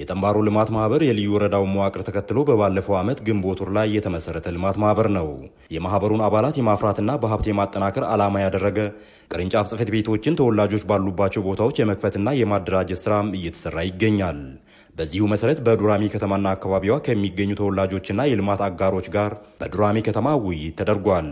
የጠንባሮ ልማት ማህበር የልዩ ወረዳውን መዋቅር ተከትሎ በባለፈው ዓመት ግንቦት ወር ላይ የተመሰረተ ልማት ማህበር ነው። የማህበሩን አባላት የማፍራትና በሀብት የማጠናከር ዓላማ ያደረገ ቅርንጫፍ ጽፈት ቤቶችን ተወላጆች ባሉባቸው ቦታዎች የመክፈትና የማደራጀት ስራም እየተሰራ ይገኛል። በዚሁ መሰረት በዱራሜ ከተማና አካባቢዋ ከሚገኙ ተወላጆችና የልማት አጋሮች ጋር በዱራሜ ከተማ ውይይት ተደርጓል።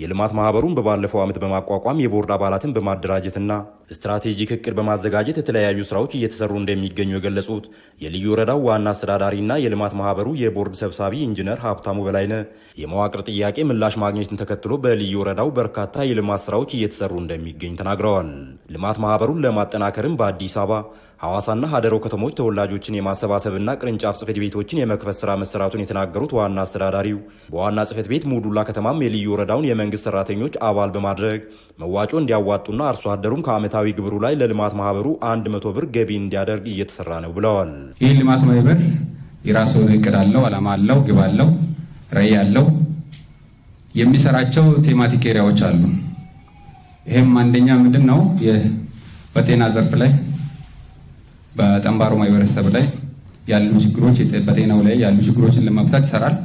የልማት ማህበሩን በባለፈው ዓመት በማቋቋም የቦርድ አባላትን በማደራጀትና ስትራቴጂክ እቅድ በማዘጋጀት የተለያዩ ስራዎች እየተሰሩ እንደሚገኙ የገለጹት የልዩ ወረዳው ዋና አስተዳዳሪና የልማት ማህበሩ የቦርድ ሰብሳቢ ኢንጂነር ሀብታሙ በላይነ የመዋቅር ጥያቄ ምላሽ ማግኘትን ተከትሎ በልዩ ወረዳው በርካታ የልማት ስራዎች እየተሰሩ እንደሚገኝ ተናግረዋል። ልማት ማህበሩን ለማጠናከርም በአዲስ አበባ ሐዋሳና ሀደሮ ከተሞች ተወላጆችን የማሰባሰብና ቅርንጫፍ ጽሕፈት ቤቶችን የመክፈት ስራ መሰራቱን የተናገሩት ዋና አስተዳዳሪው በዋና ጽህፈት ቤት ሙዱላ ከተማም የልዩ ወረዳውን የመንግስት ሰራተኞች አባል በማድረግ መዋጮ እንዲያዋጡና አርሶ አደሩም ከዓመታዊ ግብሩ ላይ ለልማት ማህበሩ አንድ መቶ ብር ገቢ እንዲያደርግ እየተሰራ ነው ብለዋል። ይህ ልማት ማህበር የራሱ እቅድ አለው፣ አላማ አለው፣ ግብ አለው፣ ራዕይ አለው። የሚሰራቸው ቴማቲክ ኤሪያዎች አሉ። ይህም አንደኛ ምንድን ነው በጤና ዘርፍ ላይ በጠንባሮ ማህበረሰብ ላይ ያሉ ችግሮች፣ በጤናው ላይ ያሉ ችግሮችን ለመፍታት ይሰራል።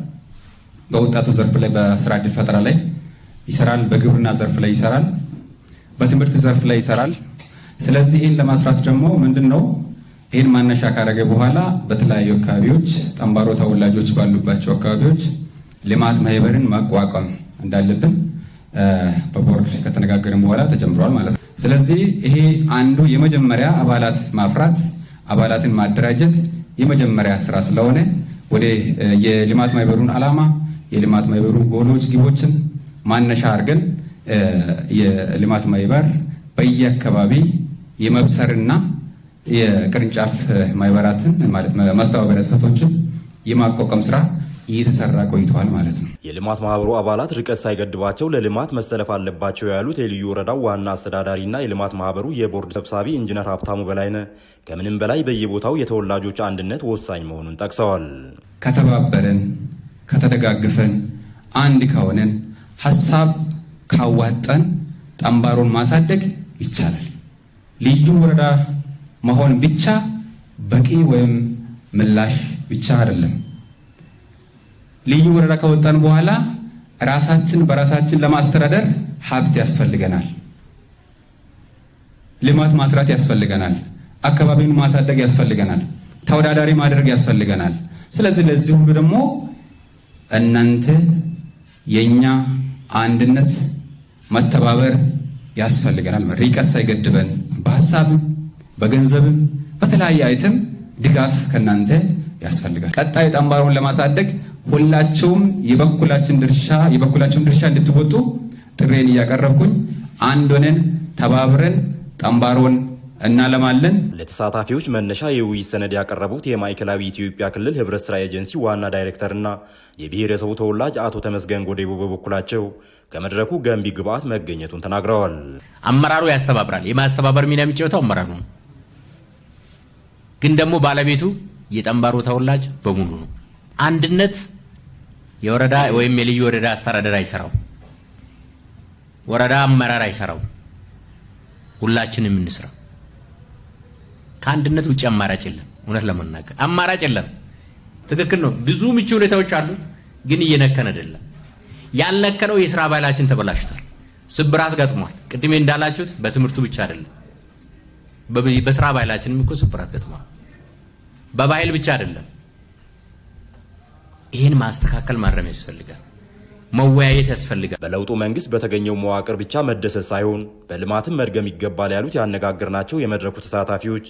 በወጣቱ ዘርፍ ላይ በስራ እድል ፈጠራ ላይ ይሰራል። በግብርና ዘርፍ ላይ ይሰራል። በትምህርት ዘርፍ ላይ ይሰራል። ስለዚህ ይህን ለማስራት ደግሞ ምንድን ነው ይህን ማነሻ ካደረገ በኋላ በተለያዩ አካባቢዎች ጠንባሮ ተወላጆች ባሉባቸው አካባቢዎች ልማት ማህበርን ማቋቋም እንዳለብን በቦርድ ከተነጋገርን በኋላ ተጀምሯል ማለት ነው። ስለዚህ ይሄ አንዱ የመጀመሪያ አባላት ማፍራት አባላትን ማደራጀት የመጀመሪያ ስራ ስለሆነ ወደ የልማት ማህበሩን አላማ የልማት ማህበሩ ጎሎች፣ ግቦችን ማነሻ አድርገን የልማት ማህበር በየአካባቢ የመብሰርና የቅርንጫፍ ማህበራትን ማለት መስተባበሪያ ጽህፈቶችን የማቋቋም ስራ እየተሰራ ቆይተዋል ማለት ነው። የልማት ማህበሩ አባላት ርቀት ሳይገድባቸው ለልማት መሰለፍ አለባቸው ያሉት የልዩ ወረዳው ዋና አስተዳዳሪና የልማት ማህበሩ የቦርድ ሰብሳቢ ኢንጂነር ሀብታሙ በላይነ ከምንም በላይ በየቦታው የተወላጆች አንድነት ወሳኝ መሆኑን ጠቅሰዋል። ከተባበረን፣ ከተደጋግፈን፣ አንድ ከሆነን፣ ሀሳብ ካዋጠን ጠምባሮን ማሳደግ ይቻላል። ልዩ ወረዳ መሆን ብቻ በቂ ወይም ምላሽ ብቻ አይደለም። ልዩ ወረዳ ከወጣን በኋላ ራሳችን በራሳችን ለማስተዳደር ሀብት ያስፈልገናል። ልማት ማስራት ያስፈልገናል። አካባቢውን ማሳደግ ያስፈልገናል። ተወዳዳሪ ማድረግ ያስፈልገናል። ስለዚህ ለዚህ ሁሉ ደግሞ እናንተ የኛ አንድነት መተባበር ያስፈልገናል። ርቀት ሳይገድበን በሀሳብም በገንዘብም በተለያየ አይተም ድጋፍ ከእናንተ ያስፈልጋል። ቀጣይ ጠንባሮውን ለማሳደግ ሁላችሁም የበኩላችን ድርሻ የበኩላችን ድርሻ እንድትወጡ ጥሬን እያቀረብኩኝ አንድ ሆነን ተባብረን ጠንባሮን እናለማለን። ለተሳታፊዎች መነሻ የውይይት ሰነድ ያቀረቡት የማዕከላዊ ኢትዮጵያ ክልል ህብረት ስራ ኤጀንሲ ዋና ዳይሬክተርና የብሔረሰቡ ተወላጅ አቶ ተመስገን ጎዴቦ በበኩላቸው ከመድረኩ ገንቢ ግብዓት መገኘቱን ተናግረዋል። አመራሩ ያስተባብራል። የማስተባበር ሚና የሚጫወተው አመራሩ ነው። ግን ደግሞ ባለቤቱ የጠንባሮ ተወላጅ በሙሉ ነው። አንድነት የወረዳ ወይም የልዩ ወረዳ አስተዳደር አይሰራው፣ ወረዳ አመራር አይሰራው። ሁላችንም እንስራ። ከአንድነት ውጭ አማራጭ የለም። እውነት ለመናገር አማራጭ የለም። ትክክል ነው። ብዙ ምቹ ሁኔታዎች አሉ፣ ግን እየነከን አይደለም። ያልነከነው የስራ ባህላችን ተበላሽቷል። ስብራት ገጥሟል። ቅድሜ እንዳላችሁት በትምህርቱ ብቻ አይደለም፣ በስራ ባህላችንም እኮ ስብራት ገጥሟል። በባህል ብቻ አይደለም። ይህን ማስተካከል ማረም ያስፈልጋል። መወያየት ያስፈልጋል። በለውጡ መንግስት በተገኘው መዋቅር ብቻ መደሰት ሳይሆን በልማትም መድገም ይገባል ያሉት ያነጋገርናቸው የመድረኩ ተሳታፊዎች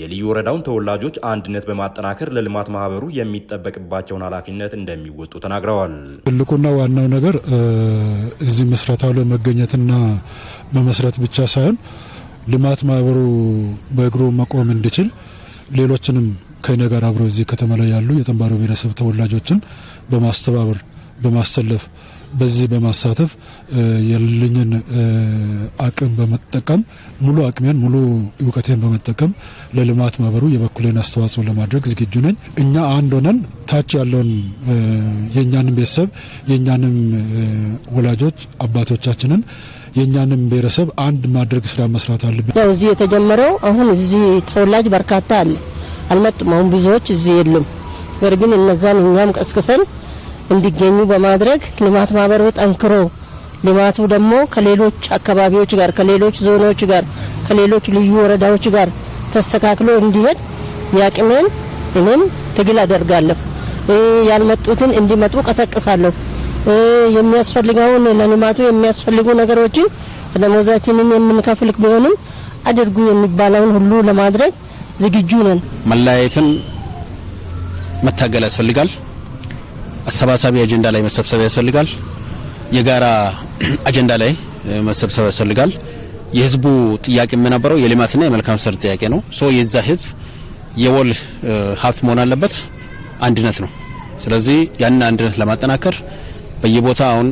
የልዩ ወረዳውን ተወላጆች አንድነት በማጠናከር ለልማት ማህበሩ የሚጠበቅባቸውን ኃላፊነት እንደሚወጡ ተናግረዋል። ትልቁና ዋናው ነገር እዚህ ምስረታው መገኘትና መመስረት ብቻ ሳይሆን ልማት ማህበሩ በእግሩ መቆም እንዲችል ሌሎችንም ከእኔ ጋር አብረው እዚህ ከተማ ላይ ያሉ የጠንባሮ ብሔረሰብ ተወላጆችን በማስተባበር በማሰለፍ በዚህ በማሳተፍ ያለኝን አቅም በመጠቀም ሙሉ አቅሜን ሙሉ እውቀቴን በመጠቀም ለልማት ማህበሩ የበኩሌን አስተዋጽኦ ለማድረግ ዝግጁ ነኝ። እኛ አንድ ሆነን ታች ያለውን የእኛንም ቤተሰብ የእኛንም ወላጆች አባቶቻችንን የእኛንም ብሔረሰብ አንድ ማድረግ ስራ መስራት አለብን። እዚህ የተጀመረው አሁን እዚህ ተወላጅ በርካታ አለ። አልመጡም። ብዙዎች እዚህ የሉም። ነገር ግን እነዛን እኛም ቀስቅሰን እንዲገኙ በማድረግ ልማት ማህበሩ ጠንክሮ ልማቱ ደግሞ ከሌሎች አካባቢዎች ጋር ከሌሎች ዞኖች ጋር ከሌሎች ልዩ ወረዳዎች ጋር ተስተካክሎ እንዲሄድ ያቅሜን እኔም ትግል አደርጋለሁ። ያልመጡትን እንዲመጡ ቀሰቅሳለሁ። የሚያስፈልገውን ለልማቱ የሚያስፈልጉ ነገሮችን ደሞዛችንን የምንከፍል ቢሆንም አድርጉ የሚባለውን ሁሉ ለማድረግ ዝግጁ ነን። መለያየትን መታገል ያስፈልጋል። አሰባሳቢ አጀንዳ ላይ መሰብሰብ ያስፈልጋል። የጋራ አጀንዳ ላይ መሰብሰብ ያስፈልጋል። የህዝቡ ጥያቄ የምናበረው የልማትና የመልካም ስር ጥያቄ ነው። ሶ የዛ ህዝብ የወል ሀብት መሆን አለበት አንድነት ነው። ስለዚህ ያን አንድነት ለማጠናከር በየቦታ አሁን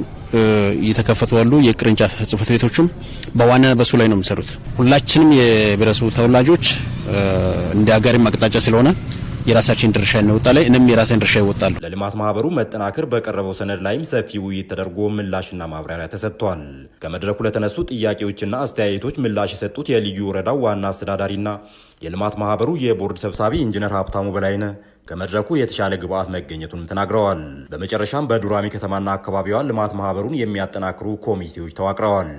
እየተከፈቱ ያሉ የቅርንጫፍ ጽህፈት ቤቶችም በዋና በሱ ላይ ነው የሚሰሩት። ሁላችንም የብሔረሰቡ ተወላጆች እንደ ሀገርም አቅጣጫ ስለሆነ የራሳችን ድርሻ ላይ እንም የራሴን ድርሻ ይወጣል። ለልማት ማህበሩ መጠናከር በቀረበው ሰነድ ላይም ሰፊ ውይይት ተደርጎ ምላሽና ማብራሪያ ተሰጥቷል። ከመድረኩ ለተነሱ ጥያቄዎችና አስተያየቶች ምላሽ የሰጡት የልዩ ወረዳው ዋና አስተዳዳሪና የልማት ማህበሩ የቦርድ ሰብሳቢ ኢንጂነር ሀብታሙ በላይነ ከመድረኩ የተሻለ ግብአት መገኘቱንም ተናግረዋል። በመጨረሻም በዱራሚ ከተማና አካባቢዋ ልማት ማህበሩን የሚያጠናክሩ ኮሚቴዎች ተዋቅረዋል።